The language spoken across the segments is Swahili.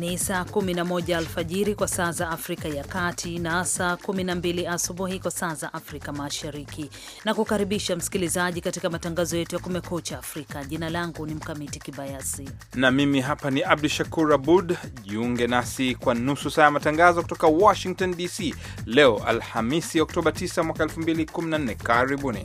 ni saa 11 alfajiri kwa saa za Afrika ya Kati na saa 12 asubuhi kwa saa za Afrika Mashariki, na kukaribisha msikilizaji katika matangazo yetu ya Kumekucha Afrika. Jina langu ni Mkamiti Kibayasi na mimi hapa ni Abdu Shakur Abud. Jiunge nasi kwa nusu saa ya matangazo kutoka Washington DC leo Alhamisi, Oktoba 9 mwaka 2014. Karibuni.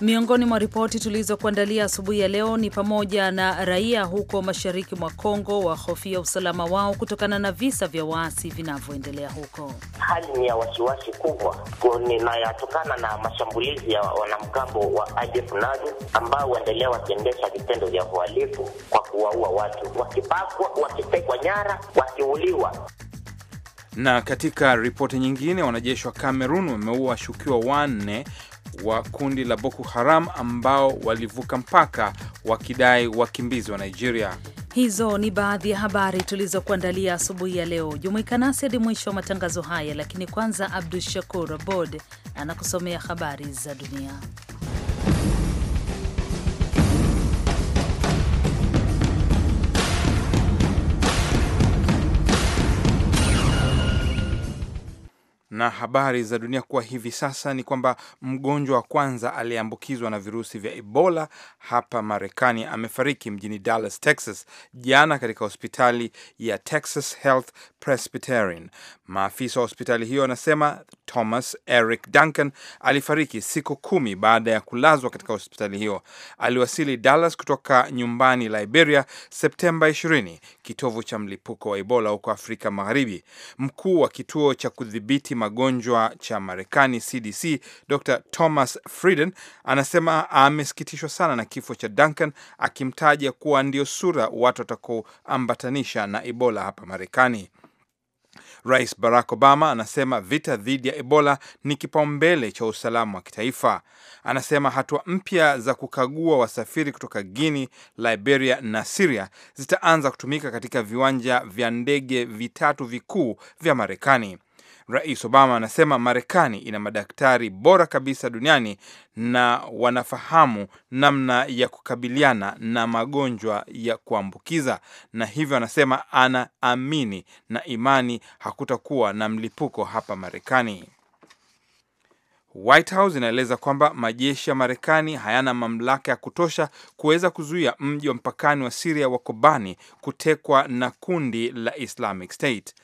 Miongoni mwa ripoti tulizokuandalia asubuhi ya leo ni pamoja na raia huko mashariki mwa Kongo wahofia usalama wao kutokana na visa vya waasi vinavyoendelea huko. Hali ni ya wasiwasi kubwa inayotokana na mashambulizi ya wanamgambo wa ADF NALU ambao waendelea wakiendesha vitendo vya uhalifu kwa kuwaua watu, wakipakwa, wakitekwa nyara, wakiuliwa na katika ripoti nyingine, wanajeshi wa Kamerun wameua washukiwa wanne wa kundi la Boko Haram ambao walivuka mpaka wakidai wakimbizi wa Nigeria. Hizo ni baadhi ya habari tulizokuandalia asubuhi ya leo. Jumuika nasi hadi mwisho wa matangazo haya, lakini kwanza Abdu Shakur Abod anakusomea habari za dunia. na habari za dunia kuwa hivi sasa ni kwamba mgonjwa wa kwanza aliyeambukizwa na virusi vya Ebola hapa Marekani amefariki mjini Dallas, Texas jana katika hospitali ya Texas Health Presbyterian. Maafisa wa hospitali hiyo wanasema Thomas Eric Duncan alifariki siku kumi baada ya kulazwa katika hospitali hiyo. Aliwasili Dallas kutoka nyumbani Liberia Septemba 20, kitovu cha mlipuko wa Ebola huko Afrika Magharibi. Mkuu wa kituo cha kudhibiti magonjwa cha Marekani CDC, Dr Thomas Frieden anasema amesikitishwa sana na kifo cha Duncan, akimtaja kuwa ndio sura watu watakaoambatanisha na Ebola hapa Marekani. Rais Barack Obama anasema vita dhidi ya Ebola ni kipaumbele cha usalama wa kitaifa. Anasema hatua mpya za kukagua wasafiri kutoka Guinea, Liberia na siria zitaanza kutumika katika viwanja vya ndege vitatu vikuu vya Marekani. Rais Obama anasema Marekani ina madaktari bora kabisa duniani na wanafahamu namna ya kukabiliana na magonjwa ya kuambukiza, na hivyo anasema anaamini na imani hakutakuwa na mlipuko hapa Marekani. White House inaeleza kwamba majeshi ya Marekani hayana mamlaka ya kutosha kuweza kuzuia mji wa mpakani wa Siria wa Kobani kutekwa na kundi la Islamic State.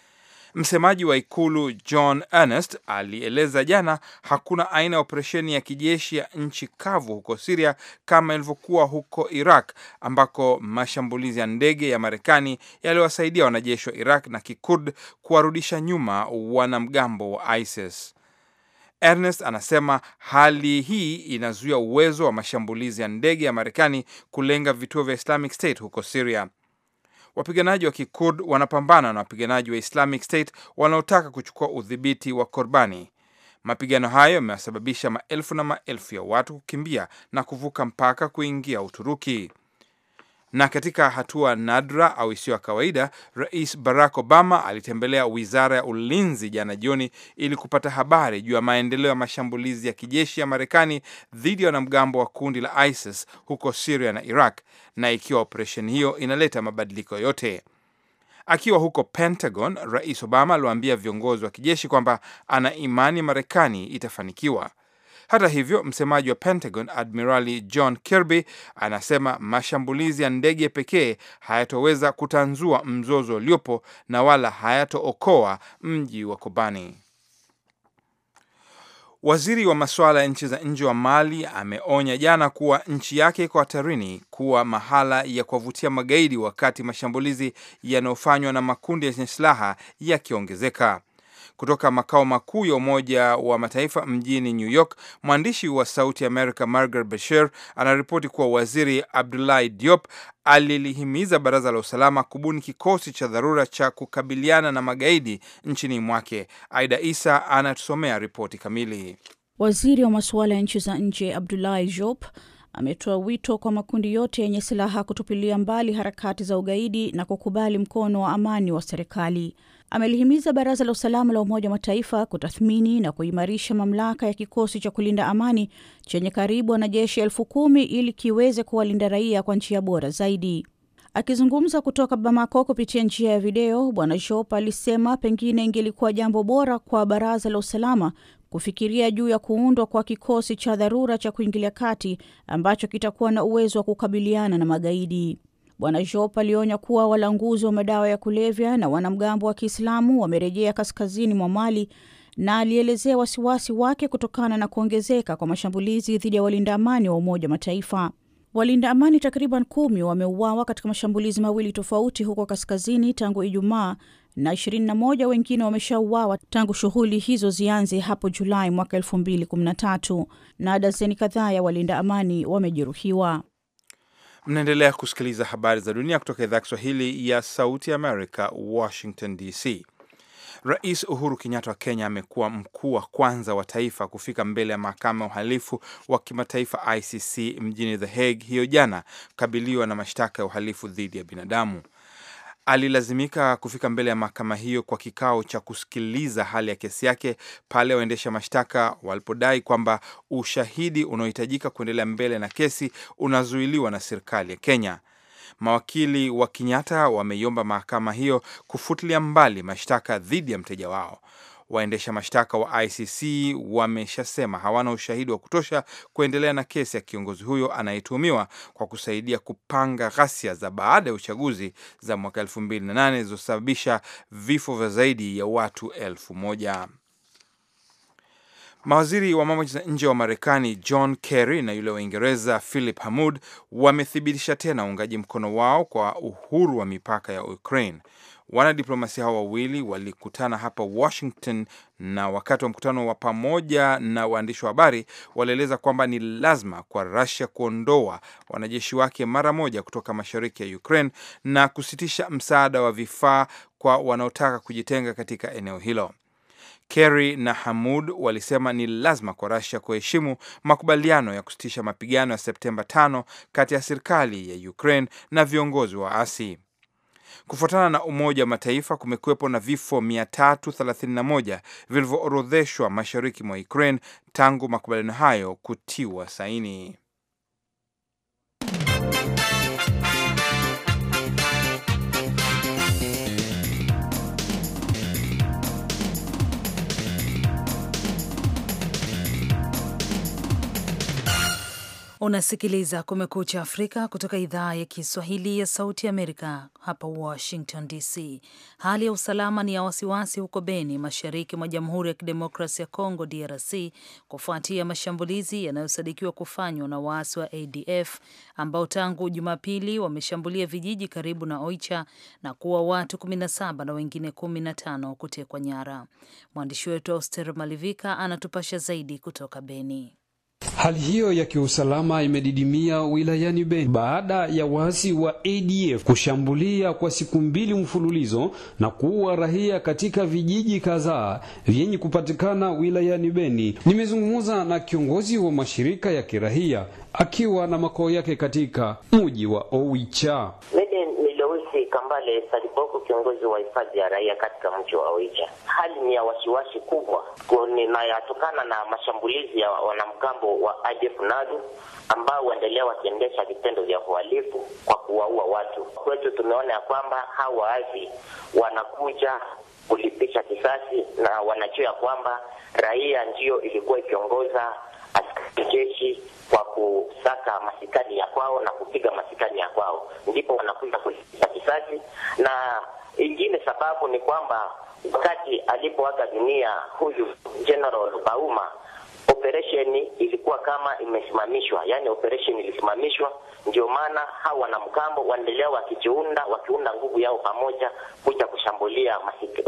Msemaji wa ikulu John Ernest alieleza jana hakuna aina ya operesheni ya kijeshi ya nchi kavu huko Siria kama ilivyokuwa huko Iraq, ambako mashambulizi ya ndege ya Marekani yaliwasaidia wanajeshi wa Iraq na Kikurd kuwarudisha nyuma wanamgambo wa ISIS. Ernest anasema hali hii inazuia uwezo wa mashambulizi ya ndege ya Marekani kulenga vituo vya Islamic State huko Siria. Wapiganaji wa Kikurd wanapambana na wapiganaji wa Islamic State wanaotaka kuchukua udhibiti wa Korbani. Mapigano hayo yamewasababisha maelfu na maelfu ya watu kukimbia na kuvuka mpaka kuingia Uturuki. Na katika hatua nadra au isiyo ya kawaida, Rais Barack Obama alitembelea wizara ya ulinzi jana jioni ili kupata habari juu ya maendeleo ya mashambulizi ya kijeshi ya Marekani dhidi ya wanamgambo wa kundi la ISIS huko Siria na Iraq na ikiwa operesheni hiyo inaleta mabadiliko yote. Akiwa huko Pentagon, Rais Obama aliwaambia viongozi wa kijeshi kwamba ana imani Marekani itafanikiwa. Hata hivyo, msemaji wa Pentagon Admirali John Kirby anasema mashambulizi ya ndege pekee hayatoweza kutanzua mzozo uliopo na wala hayatookoa mji wa Kobani. Waziri wa masuala ya nchi za nje wa Mali ameonya jana kuwa nchi yake iko hatarini kuwa mahala ya kuwavutia magaidi wakati mashambulizi yanayofanywa na makundi yenye silaha yakiongezeka kutoka makao makuu ya Umoja wa Mataifa mjini New York. Mwandishi wa Sauti America Margaret Bashir anaripoti kuwa Waziri Abdulahi Diop alilihimiza Baraza la Usalama kubuni kikosi cha dharura cha kukabiliana na magaidi nchini mwake. Aida Isa anatusomea ripoti kamili. Waziri wa masuala ya nchi za nje Abdulahi jop ametoa wito kwa makundi yote yenye silaha kutupilia mbali harakati za ugaidi na kukubali mkono wa amani wa serikali amelihimiza Baraza la Usalama la Umoja wa Mataifa kutathmini na kuimarisha mamlaka ya kikosi cha kulinda amani chenye karibu wanajeshi elfu kumi ili kiweze kuwalinda raia kwa njia bora zaidi. Akizungumza kutoka Bamako kupitia njia ya video, Bwana Jop alisema pengine ingelikuwa jambo bora kwa Baraza la Usalama kufikiria juu ya kuundwa kwa kikosi cha dharura cha kuingilia kati ambacho kitakuwa na uwezo wa kukabiliana na magaidi. Bwana Jop alionya kuwa walanguzi wa madawa ya kulevya na wanamgambo wa Kiislamu wamerejea kaskazini mwa Mali na alielezea wasiwasi wake kutokana na kuongezeka kwa mashambulizi dhidi ya walinda amani wa Umoja wa Mataifa. Walinda amani takriban kumi wameuawa katika mashambulizi mawili tofauti huko kaskazini tangu Ijumaa na 21 wengine wameshauawa tangu shughuli hizo zianze hapo Julai mwaka 2013 na dazeni kadhaa ya walinda amani wamejeruhiwa. Mnaendelea kusikiliza habari za dunia kutoka idhaa ya Kiswahili ya Sauti ya Amerika, Washington DC. Rais Uhuru Kenyatta wa Kenya amekuwa mkuu wa kwanza wa taifa kufika mbele ya mahakama ya uhalifu wa kimataifa ICC mjini The Hague hiyo jana kukabiliwa na mashtaka ya uhalifu dhidi ya binadamu alilazimika kufika mbele ya mahakama hiyo kwa kikao cha kusikiliza hali ya kesi yake pale waendesha mashtaka walipodai kwamba ushahidi unaohitajika kuendelea mbele na kesi unazuiliwa na serikali ya Kenya. Mawakili wa Kenyatta wameiomba mahakama hiyo kufutilia mbali mashtaka dhidi ya mteja wao. Waendesha mashtaka wa ICC wameshasema hawana ushahidi wa kutosha kuendelea na kesi ya kiongozi huyo anayetuhumiwa kwa kusaidia kupanga ghasia za baada ya uchaguzi za mwaka 2008 zilizosababisha vifo vya zaidi ya watu elfu moja. Mawaziri wa mambo ya nje wa Marekani John Kerry na yule wa Uingereza Philip Hammond wamethibitisha tena uungaji mkono wao kwa uhuru wa mipaka ya Ukraine. Wanadiplomasia hao wawili walikutana hapa Washington, na wakati wa mkutano wa pamoja na waandishi wa habari walieleza kwamba ni lazima kwa Russia kuondoa wanajeshi wake mara moja kutoka mashariki ya Ukraine na kusitisha msaada wa vifaa kwa wanaotaka kujitenga katika eneo hilo. Kerry na Hamud walisema ni lazima kwa Russia kuheshimu makubaliano ya kusitisha mapigano ya Septemba 5 kati ya serikali ya Ukraine na viongozi wa asi. Kufuatana na Umoja wa Mataifa, kumekuwepo na vifo 331 vilivyoorodheshwa mashariki mwa Ukraine tangu makubaliano hayo kutiwa saini. Unasikiliza Kumekucha Afrika kutoka idhaa ya Kiswahili ya Sauti Amerika, hapa Washington DC. Hali ya usalama ni ya wasiwasi huko Beni, mashariki mwa Jamhuri ya Kidemokrasi ya Kongo, DRC, kufuatia mashambulizi yanayosadikiwa kufanywa na waasi wa ADF ambao tangu Jumapili wameshambulia vijiji karibu na Oicha na kuwa watu 17 na wengine 15 kutekwa nyara. Mwandishi wetu Auster Malivika anatupasha zaidi kutoka Beni. Hali hiyo ya kiusalama imedidimia wilayani Beni baada ya waasi wa ADF kushambulia kwa siku mbili mfululizo na kuua raia katika vijiji kadhaa vyenye kupatikana wilayani Beni. Nimezungumza na kiongozi wa mashirika ya kirahia akiwa na makao yake katika mji wa owicha Kambale Saliboko, kiongozi wa hifadhi ya raia katika mji wa Oicha. Hali ni ya wasiwasi kubwa inayotokana na mashambulizi ya wanamgambo wa ADF NALU ambao huendelea wakiendesha vitendo vya uhalifu kwa kuwaua watu. Kwetu tumeona ya kwamba hawa waasi wanakuja kulipisha kisasi na wanajua ya kwamba raia ndiyo ilikuwa ikiongoza askari jeshi kutaka masikani ya kwao na kupiga masikani ya kwao, ndipo wanakuja kulipiza kisasi. Na ingine sababu ni kwamba wakati alipoaga dunia huyu General Bauma, operesheni ilikuwa kama imesimamishwa, yani operesheni ilisimamishwa ndio maana hawa wanamgambo waendelea wakijiunda, wakiunda nguvu yao pamoja kuja kushambulia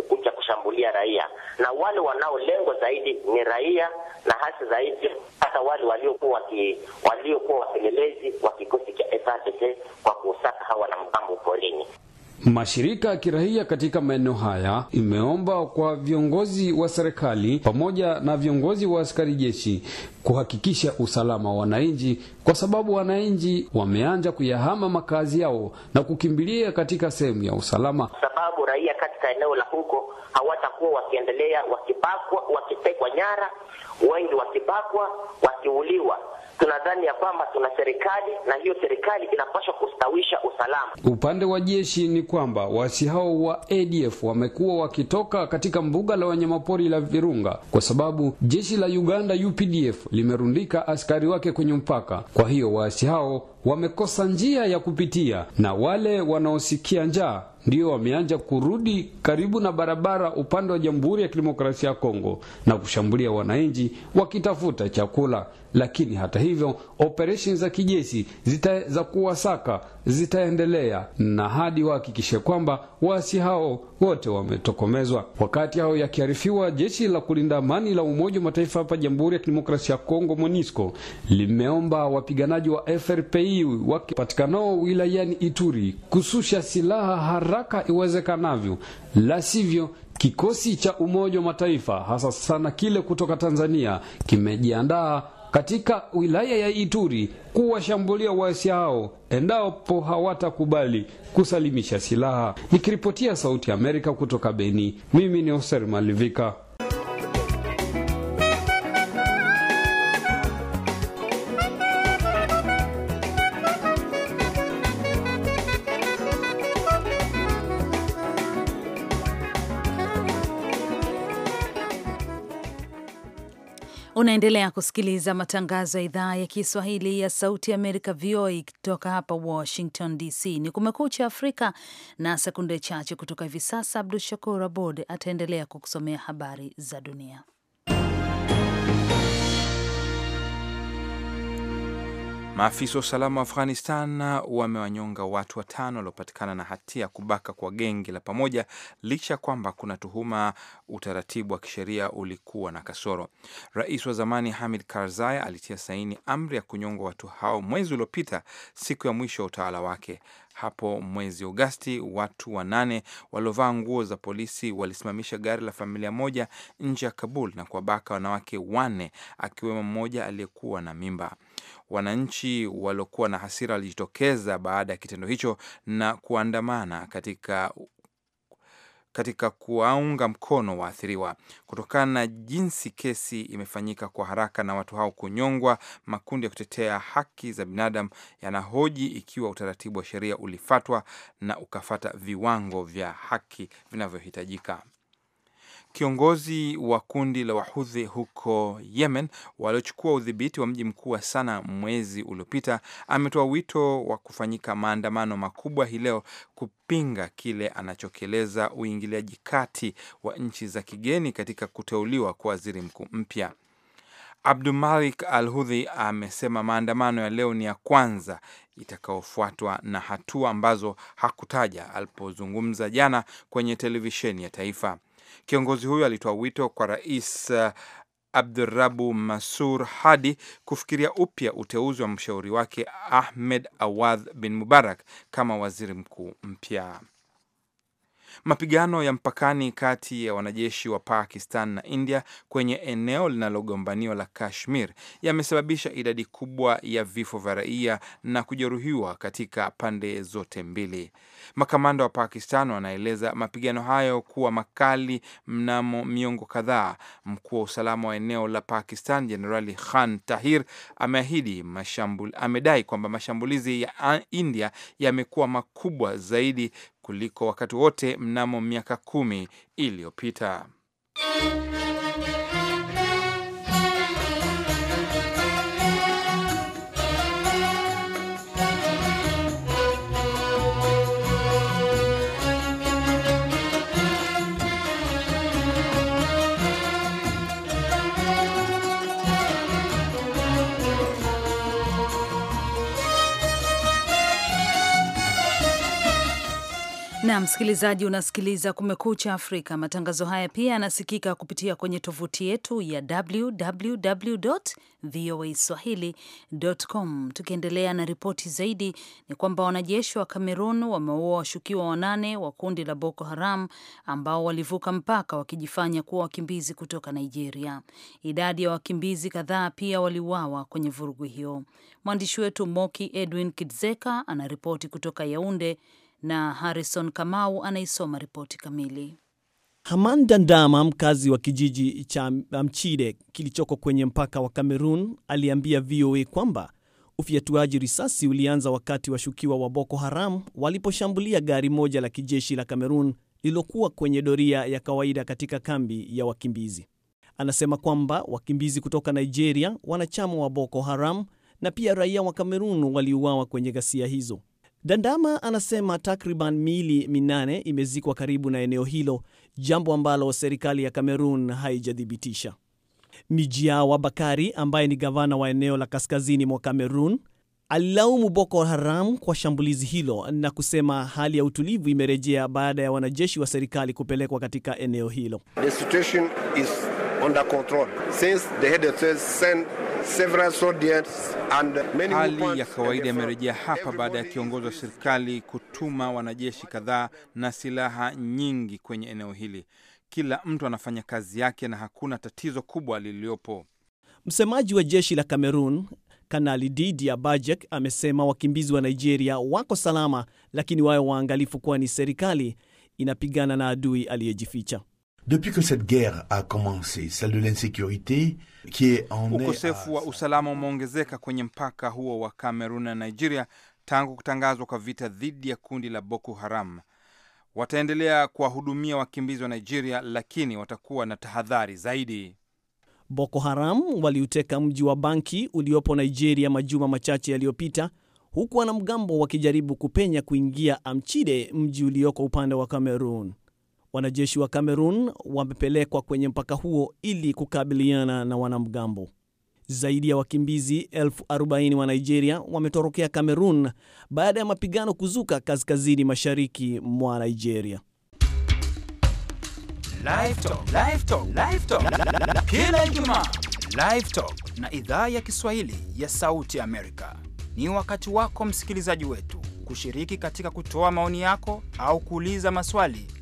kuja kushambulia raia, na wale wanaolengwa zaidi ni raia na hasa zaidi hata wale waliokuwa waki, waliokuwa wapelelezi wa kikosi cha FARDC kwa kusaka hawa wanamgambo porini. Mashirika ya kiraia katika maeneo haya imeomba kwa viongozi wa serikali pamoja na viongozi wa askari jeshi kuhakikisha usalama wa wananchi, kwa sababu wananchi wameanza kuyahama makazi yao na kukimbilia katika sehemu ya usalama, sababu raia katika eneo la huko hawatakuwa wakiendelea wakibakwa, wakitekwa nyara, wengi wakibakwa, wakiuliwa. Tunadhani ya kwamba tuna serikali na hiyo serikali inapaswa kustawisha usalama. Upande wa jeshi ni kwamba waasi hao wa ADF wamekuwa wakitoka katika mbuga la wanyamapori la Virunga kwa sababu jeshi la Uganda UPDF limerundika askari wake kwenye mpaka. Kwa hiyo waasi hao wamekosa njia ya kupitia na wale wanaosikia njaa ndio wameanza kurudi karibu na barabara upande wa Jamhuri ya Kidemokrasia ya Kongo na kushambulia wananchi wakitafuta chakula. Lakini hata hivyo, operesheni za kijeshi za kuwasaka zitaendelea na hadi wahakikishe kwamba waasi hao wote wametokomezwa. Wakati hao yakiarifiwa, jeshi la kulinda amani la Umoja wa Mataifa hapa Jamhuri ya Kidemokrasia ya Kongo, MONUSCO, limeomba wapiganaji wa FRPI wakipatikanao wilayani Ituri kususha silaha haraka iwezekanavyo, la sivyo kikosi cha Umoja wa Mataifa hasa sana kile kutoka Tanzania kimejiandaa katika wilaya ya Ituri kuwashambulia waasi hao endapo hawatakubali kusalimisha silaha. Nikiripotia Sauti ya Amerika kutoka Beni, mimi ni Oser Malivika. Unaendelea kusikiliza matangazo ya idhaa ya Kiswahili ya Sauti ya Amerika, VOA, kutoka hapa Washington DC. Ni Kumekucha Afrika, na sekunde chache kutoka hivi sasa, Abdu Shakur Abod ataendelea kukusomea habari za dunia. Maafisa wa usalama wa Afghanistan wamewanyonga watu watano waliopatikana na hatia ya kubaka kwa genge la pamoja, licha ya kwamba kuna tuhuma utaratibu wa kisheria ulikuwa na kasoro. Rais wa zamani Hamid Karzai alitia saini amri ya kunyongwa watu hao mwezi uliopita, siku ya mwisho wa utawala wake. Hapo mwezi Agosti, watu wanane waliovaa nguo za polisi walisimamisha gari la familia moja nje ya Kabul na kuwabaka wanawake wanne, akiwemo mmoja aliyekuwa na mimba. Wananchi waliokuwa na hasira walijitokeza baada ya kitendo hicho na kuandamana katika katika kuwaunga mkono waathiriwa. Kutokana na jinsi kesi imefanyika kwa haraka na watu hao kunyongwa, makundi ya kutetea haki za binadamu yanahoji ikiwa utaratibu wa sheria ulifatwa na ukafata viwango vya haki vinavyohitajika. Kiongozi wa kundi la wahudhi huko Yemen waliochukua udhibiti wa mji mkuu wa Sana mwezi uliopita ametoa wito wa kufanyika maandamano makubwa hii leo kupinga kile anachokieleza uingiliaji kati wa nchi za kigeni katika kuteuliwa kwa waziri mkuu mpya. Abdumalik Al Hudhi amesema maandamano ya leo ni ya kwanza itakayofuatwa na hatua ambazo hakutaja alipozungumza jana kwenye televisheni ya taifa. Kiongozi huyo alitoa wito kwa rais eh, Abdurabu masur Hadi kufikiria upya uteuzi wa mshauri wake Ahmed Awadh bin Mubarak kama waziri mkuu mpya. Mapigano ya mpakani kati ya wanajeshi wa Pakistan na India kwenye eneo linalogombaniwa la Kashmir yamesababisha idadi kubwa ya vifo vya raia na kujeruhiwa katika pande zote mbili. Makamanda wa Pakistan wanaeleza mapigano hayo kuwa makali mnamo miongo kadhaa. Mkuu wa usalama wa eneo la Pakistan Jenerali Khan Tahir ameahidi mashambul, amedai kwamba mashambulizi ya India yamekuwa makubwa zaidi kuliko wakati wote mnamo miaka kumi iliyopita. Na msikilizaji, unasikiliza Kumekucha Afrika. Matangazo haya pia yanasikika kupitia kwenye tovuti yetu ya www voa swahili.com. Tukiendelea na ripoti zaidi, ni kwamba wanajeshi wa Kamerun wameua washukiwa wanane wa kundi la Boko Haram ambao walivuka mpaka wakijifanya kuwa wakimbizi kutoka Nigeria. Idadi ya wakimbizi kadhaa pia waliuawa kwenye vurugu hiyo. Mwandishi wetu Moki Edwin Kidzeka anaripoti kutoka Yaunde na Harrison Kamau anaisoma ripoti kamili. Haman Dandama, mkazi wa kijiji cha Mchide kilichoko kwenye mpaka wa Kamerun, aliambia VOA kwamba ufyatuaji risasi ulianza wakati washukiwa wa Boko Haram waliposhambulia gari moja la kijeshi la Kamerun lililokuwa kwenye doria ya kawaida katika kambi ya wakimbizi. Anasema kwamba wakimbizi kutoka Nigeria, wanachama wa Boko Haram na pia raia wa Kamerun waliuawa kwenye ghasia hizo. Dandama anasema takriban miili minane imezikwa karibu na eneo hilo, jambo ambalo serikali ya Kamerun haijathibitisha. wa Bakari ambaye ni gavana wa eneo la kaskazini mwa Kamerun alilaumu Boko Haram kwa shambulizi hilo na kusema hali ya utulivu imerejea baada ya wanajeshi wa serikali kupelekwa katika eneo hilo. The situation is under control since the Hali ya kawaida yamerejea hapa baada ya kiongozi wa serikali kutuma wanajeshi kadhaa na silaha nyingi kwenye eneo hili. Kila mtu anafanya kazi yake na hakuna tatizo kubwa lililopo. Msemaji wa jeshi la cameron Kanali Didia Bajek amesema wakimbizi wa Nigeria wako salama, lakini wawe waangalifu, kwani serikali inapigana na adui aliyejificha. Depuis que cette guerre a commencé, celle de l'insécurité qui est en ukosefu wa usalama umeongezeka kwenye mpaka huo wa Kamerun na Nigeria tangu kutangazwa kwa vita dhidi ya kundi la Boko Haram. Wataendelea kuwahudumia wakimbizi wa Nigeria, lakini watakuwa na tahadhari zaidi. Boko Haram waliuteka mji wa Banki uliopo Nigeria majuma machache yaliyopita, huku wanamgambo wakijaribu kupenya kuingia Amchide, mji ulioko upande wa Kamerun. Wanajeshi wa Cameroon wamepelekwa kwenye mpaka huo ili kukabiliana na wanamgambo. Zaidi ya wakimbizi elfu wa Nigeria wametorokea Cameroon baada ya mapigano kuzuka kaskazini mashariki mwa Nigeria. Kila Ijumaa na idhaa ya Kiswahili ya Sauti Amerika ni wakati wako msikilizaji wetu kushiriki katika kutoa maoni yako au kuuliza maswali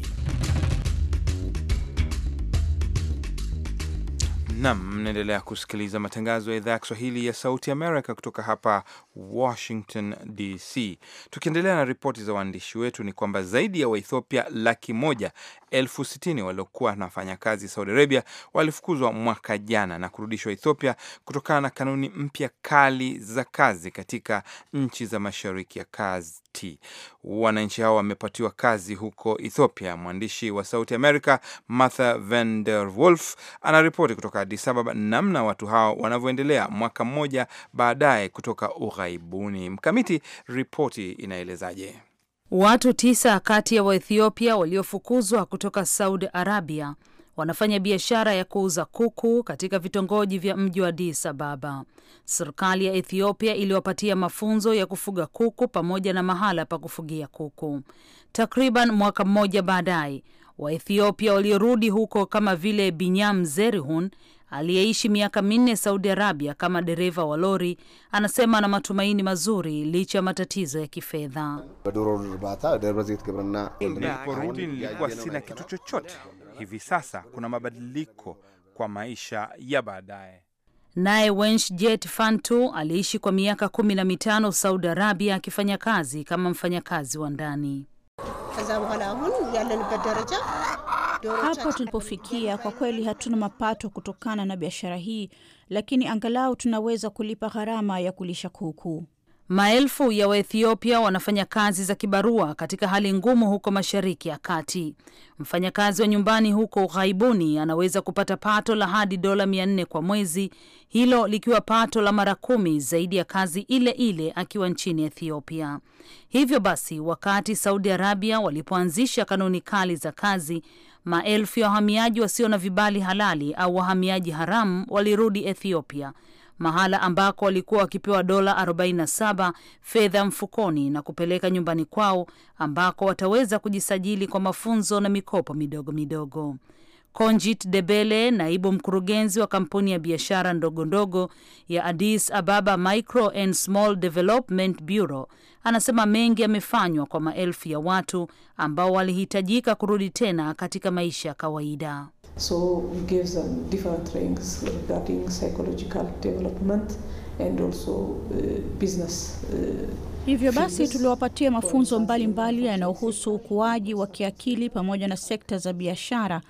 Nam, mnaendelea kusikiliza matangazo ya idhaa ya Kiswahili ya Sauti Amerika kutoka hapa Washington DC. Tukiendelea na ripoti za waandishi wetu, ni kwamba zaidi ya Waethiopia laki moja elfu sitini waliokuwa wanafanya kazi Saudi Arabia walifukuzwa mwaka jana na kurudishwa Ethiopia kutokana na kanuni mpya kali za kazi katika nchi za Mashariki ya Kati. Wananchi hao wamepatiwa kazi huko Ethiopia. Mwandishi wa Sauti America Martha Van der Wolf anaripoti kutoka Addis Ababa namna watu hao wanavyoendelea mwaka mmoja baadaye kutoka ughaibuni. Mkamiti, ripoti inaelezaje? Watu tisa kati ya Waethiopia waliofukuzwa kutoka Saudi Arabia wanafanya biashara ya kuuza kuku katika vitongoji vya mji wa Addis Ababa. Serikali ya Ethiopia iliwapatia mafunzo ya kufuga kuku pamoja na mahala pa kufugia kuku. Takriban mwaka mmoja baadaye, Waethiopia waliorudi huko kama vile Binyam Zerihun aliyeishi miaka minne Saudi Arabia kama dereva wa lori anasema ana matumaini mazuri licha ya matatizo ya kifedha. Niliporudi nilikuwa sina kitu chochote, hivi sasa kuna mabadiliko kwa maisha ya baadaye. Naye Wench Jet Fantu aliishi kwa miaka kumi na mitano Saudi Arabia akifanya kazi kama mfanyakazi wa ndani. Hapo tulipofikia, kwa kweli hatuna mapato kutokana na biashara hii, lakini angalau tunaweza kulipa gharama ya kulisha kuku. Maelfu ya Waethiopia wanafanya kazi za kibarua katika hali ngumu huko Mashariki ya Kati. Mfanyakazi wa nyumbani huko ughaibuni anaweza kupata pato la hadi dola mia nne kwa mwezi, hilo likiwa pato la mara kumi zaidi ya kazi ile ile akiwa nchini Ethiopia. Hivyo basi, wakati Saudi Arabia walipoanzisha kanuni kali za kazi, Maelfu ya wahamiaji wasio na vibali halali au wahamiaji haramu walirudi Ethiopia, mahala ambako walikuwa wakipewa dola 47 fedha mfukoni na kupeleka nyumbani kwao ambako wataweza kujisajili kwa mafunzo na mikopo midogo midogo. Konjit Debele, naibu mkurugenzi wa kampuni ya biashara ndogondogo ya Addis Ababa Micro and Small Development Bureau, anasema mengi yamefanywa kwa maelfu ya watu ambao walihitajika kurudi tena katika maisha ya kawaida. So And also, uh, business, uh, hivyo basi tuliwapatia mafunzo mbalimbali yanayohusu ukuaji wa kiakili pamoja na sekta za biashara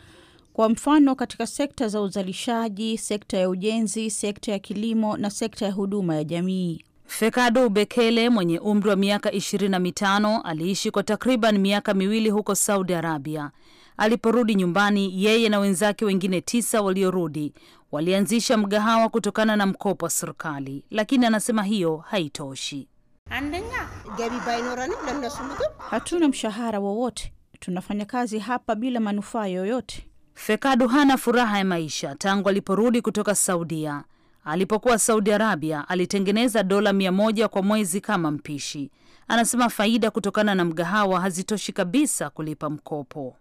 kwa mfano, katika sekta za uzalishaji, sekta ya ujenzi, sekta ya kilimo na sekta ya huduma ya jamii. Fekado Bekele mwenye umri wa miaka ishirini na mitano aliishi kwa takriban miaka miwili huko Saudi Arabia. Aliporudi nyumbani, yeye na wenzake wengine tisa waliorudi walianzisha mgahawa kutokana na mkopo wa serikali, lakini anasema hiyo haitoshi. Hatuna mshahara wowote, tunafanya kazi hapa bila manufaa yoyote. Fekadu hana furaha ya maisha tangu aliporudi kutoka Saudia. Alipokuwa Saudi Arabia, alitengeneza dola mia moja kwa mwezi kama mpishi. Anasema faida kutokana na mgahawa hazitoshi kabisa kulipa mkopo.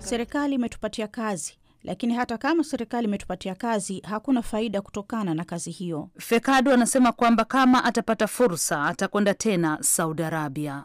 Serikali imetupatia kazi lakini hata kama serikali imetupatia kazi hakuna faida kutokana na kazi hiyo. Fekadu anasema kwamba kama atapata fursa atakwenda tena Saudi Arabia.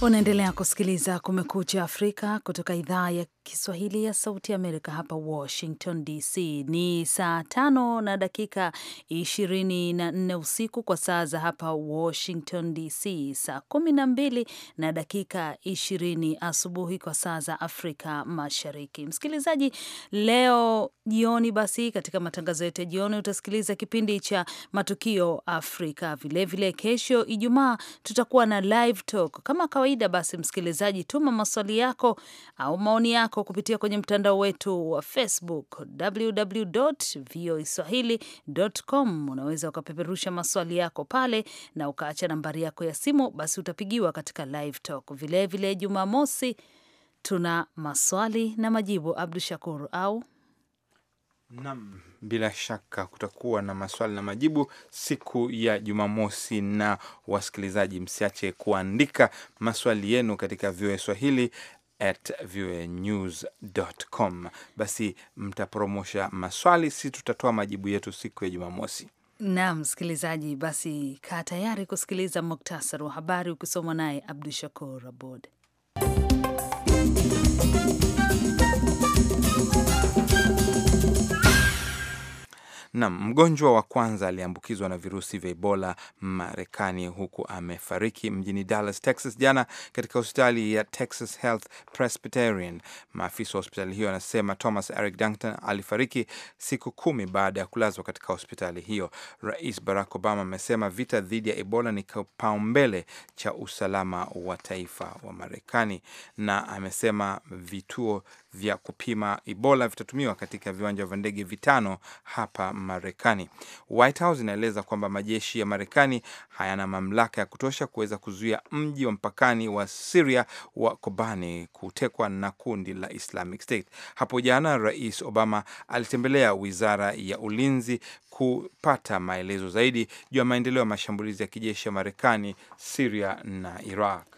Unaendelea kusikiliza Kumekucha Afrika kutoka idhaa ya Kiswahili ya Sauti Amerika hapa Washington DC. Ni saa tano na dakika ishirini na nne usiku kwa saa za hapa Washington DC, saa kumi na mbili na dakika ishirini asubuhi kwa saa za Afrika Mashariki. Msikilizaji, leo jioni, basi katika matangazo yetu ya jioni utasikiliza kipindi cha Matukio Afrika. Vilevile kesho Ijumaa tutakuwa na live talk kama kawaida. Basi msikilizaji, tuma maswali yako au maoni yako yako kupitia kwenye mtandao wetu wa Facebook www.voaswahili.com. Unaweza ukapeperusha maswali yako pale na ukaacha nambari yako ya simu, basi utapigiwa katika live talk. Vilevile Jumamosi tuna maswali na majibu, Abdu Shakur au Nam, bila shaka kutakuwa na maswali na majibu siku ya Jumamosi, na wasikilizaji msiache kuandika maswali yenu katika VOA Swahili at voanews.com. Basi mtapromosha maswali, si tutatoa majibu yetu siku ya Jumamosi. Naam msikilizaji, basi kaa tayari kusikiliza muktasari wa habari ukisomwa naye Abdu Shakur Abod. Nam, mgonjwa wa kwanza aliyeambukizwa na virusi vya Ebola Marekani, huku amefariki mjini Dallas, Texas jana katika hospitali ya Texas Health Presbyterian. Maafisa wa hospitali hiyo anasema Thomas Eric Duncan alifariki siku kumi baada ya kulazwa katika hospitali hiyo. Rais Barack Obama amesema vita dhidi ya Ebola ni kipaumbele cha usalama wa taifa wa Marekani, na amesema vituo vya kupima Ebola vitatumiwa katika viwanja vya ndege vitano hapa Marekani. White House inaeleza kwamba majeshi ya Marekani hayana mamlaka ya kutosha kuweza kuzuia mji wa mpakani wa Siria wa Kobani kutekwa na kundi la Islamic State. Hapo jana Rais Obama alitembelea wizara ya ulinzi kupata maelezo zaidi juu ya maendeleo ya mashambulizi ya kijeshi ya Marekani Siria na Iraq.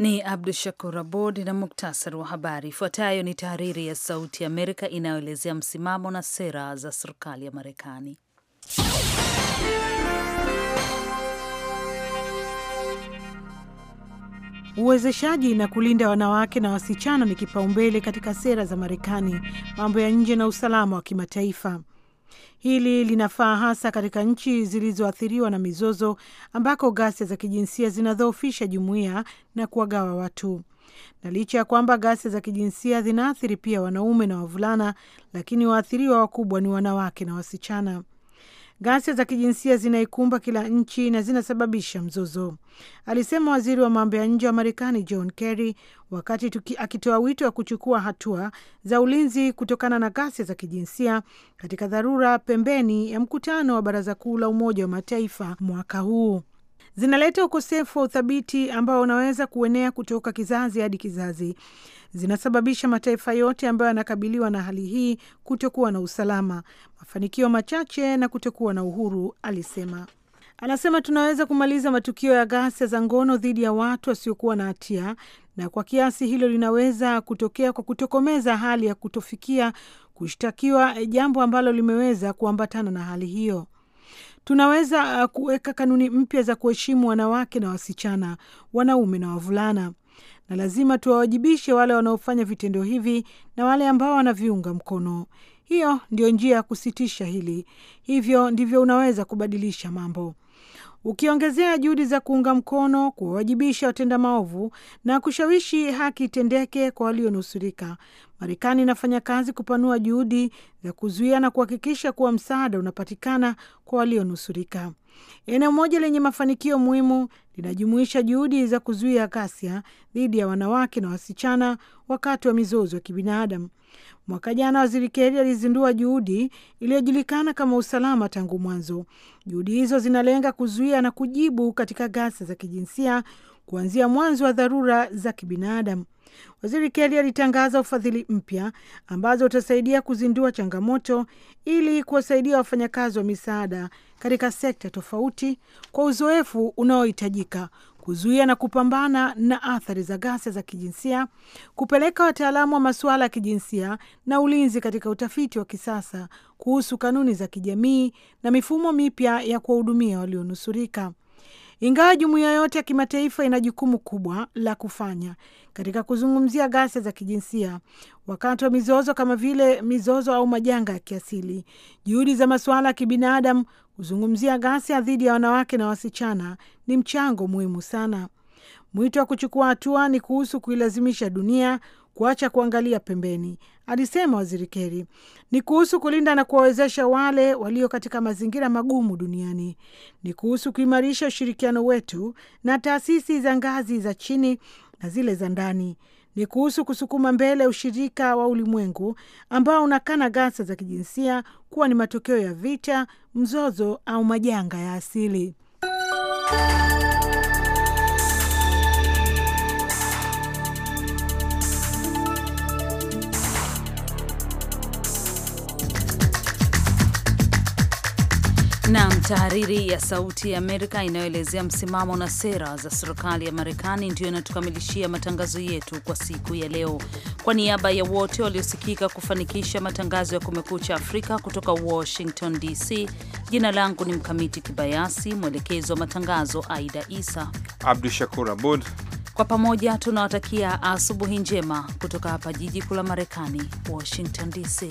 Ni Abdu Shakur abod na muktasari wa habari. Ifuatayo ni tahariri ya Sauti ya Amerika inayoelezea msimamo na sera za serikali ya Marekani. Uwezeshaji na kulinda wanawake na wasichana ni kipaumbele katika sera za Marekani, mambo ya nje na usalama wa kimataifa. Hili linafaa hasa katika nchi zilizoathiriwa na mizozo ambako ghasia za kijinsia zinadhoofisha jumuiya na kuwagawa watu. Na licha ya kwamba ghasia za kijinsia zinaathiri pia wanaume na wavulana, lakini waathiriwa wakubwa ni wanawake na wasichana. Ghasia za kijinsia zinaikumba kila nchi na zinasababisha mzozo, alisema waziri wa mambo ya nje wa Marekani John Kerry wakati akitoa wito wa kuchukua hatua za ulinzi kutokana na ghasia za kijinsia katika dharura pembeni ya mkutano wa Baraza Kuu la Umoja wa Mataifa mwaka huu zinaleta ukosefu wa uthabiti ambao unaweza kuenea kutoka kizazi hadi kizazi. Zinasababisha mataifa yote ambayo yanakabiliwa na hali hii kutokuwa na usalama, mafanikio machache na kutokuwa na uhuru, alisema. Anasema tunaweza kumaliza matukio ya ghasia za ngono dhidi ya watu wasiokuwa na hatia, na kwa kiasi hilo linaweza kutokea kwa kutokomeza hali ya kutofikia kushtakiwa, jambo ambalo limeweza kuambatana na hali hiyo. Tunaweza uh, kuweka kanuni mpya za kuheshimu wanawake na wasichana, wanaume na wavulana, na lazima tuwawajibishe wale wanaofanya vitendo hivi na wale ambao wanaviunga mkono. Hiyo ndio njia ya kusitisha hili. Hivyo ndivyo unaweza kubadilisha mambo ukiongezea juhudi za kuunga mkono, kuwawajibisha watenda maovu na kushawishi haki itendeke kwa walionusurika. Marekani inafanya kazi kupanua juhudi za kuzuia na kuhakikisha kuwa msaada unapatikana kwa walionusurika. Eneo moja lenye mafanikio muhimu linajumuisha juhudi za kuzuia ghasia dhidi ya wanawake na wasichana wakati wa mizozo ya kibinadamu. Mwaka jana Waziri Keri alizindua juhudi iliyojulikana kama usalama tangu mwanzo. Juhudi hizo zinalenga kuzuia na kujibu katika ghasia za kijinsia kuanzia mwanzo wa dharura za kibinadamu. Waziri Kelly alitangaza ufadhili mpya ambazo utasaidia kuzindua changamoto ili kuwasaidia wafanyakazi wa misaada katika sekta tofauti kwa uzoefu unaohitajika kuzuia na kupambana na athari za ghasia za kijinsia, kupeleka wataalamu wa masuala ya kijinsia na ulinzi katika utafiti wa kisasa kuhusu kanuni za kijamii na mifumo mipya ya kuwahudumia walionusurika. Ingawa jumuiya yote ya kimataifa ina jukumu kubwa la kufanya katika kuzungumzia ghasia za kijinsia wakati wa mizozo kama vile mizozo au majanga ya kiasili, juhudi za masuala ya kibinadamu kuzungumzia ghasia dhidi ya wanawake na wasichana ni mchango muhimu sana. Mwito wa kuchukua hatua ni kuhusu kuilazimisha dunia kuacha kuangalia pembeni, alisema waziri Keri. Ni kuhusu kulinda na kuwawezesha wale walio katika mazingira magumu duniani. Ni kuhusu kuimarisha ushirikiano wetu na taasisi za ngazi za chini na zile za ndani. Ni kuhusu kusukuma mbele ushirika wa ulimwengu ambao unakana ghasia za kijinsia kuwa ni matokeo ya vita, mzozo au majanga ya asili. Nam, tahariri ya Sauti ya Amerika inayoelezea msimamo na sera za serikali ya Marekani ndiyo inatukamilishia matangazo yetu kwa siku ya leo. Kwa niaba ya wote waliosikika kufanikisha matangazo ya Kumekucha Afrika kutoka Washington DC, jina langu ni Mkamiti Kibayasi, mwelekezi wa matangazo Aida Isa Abdu Shakur Abud. Kwa pamoja tunawatakia asubuhi njema kutoka hapa jiji kuu la Marekani, Washington DC.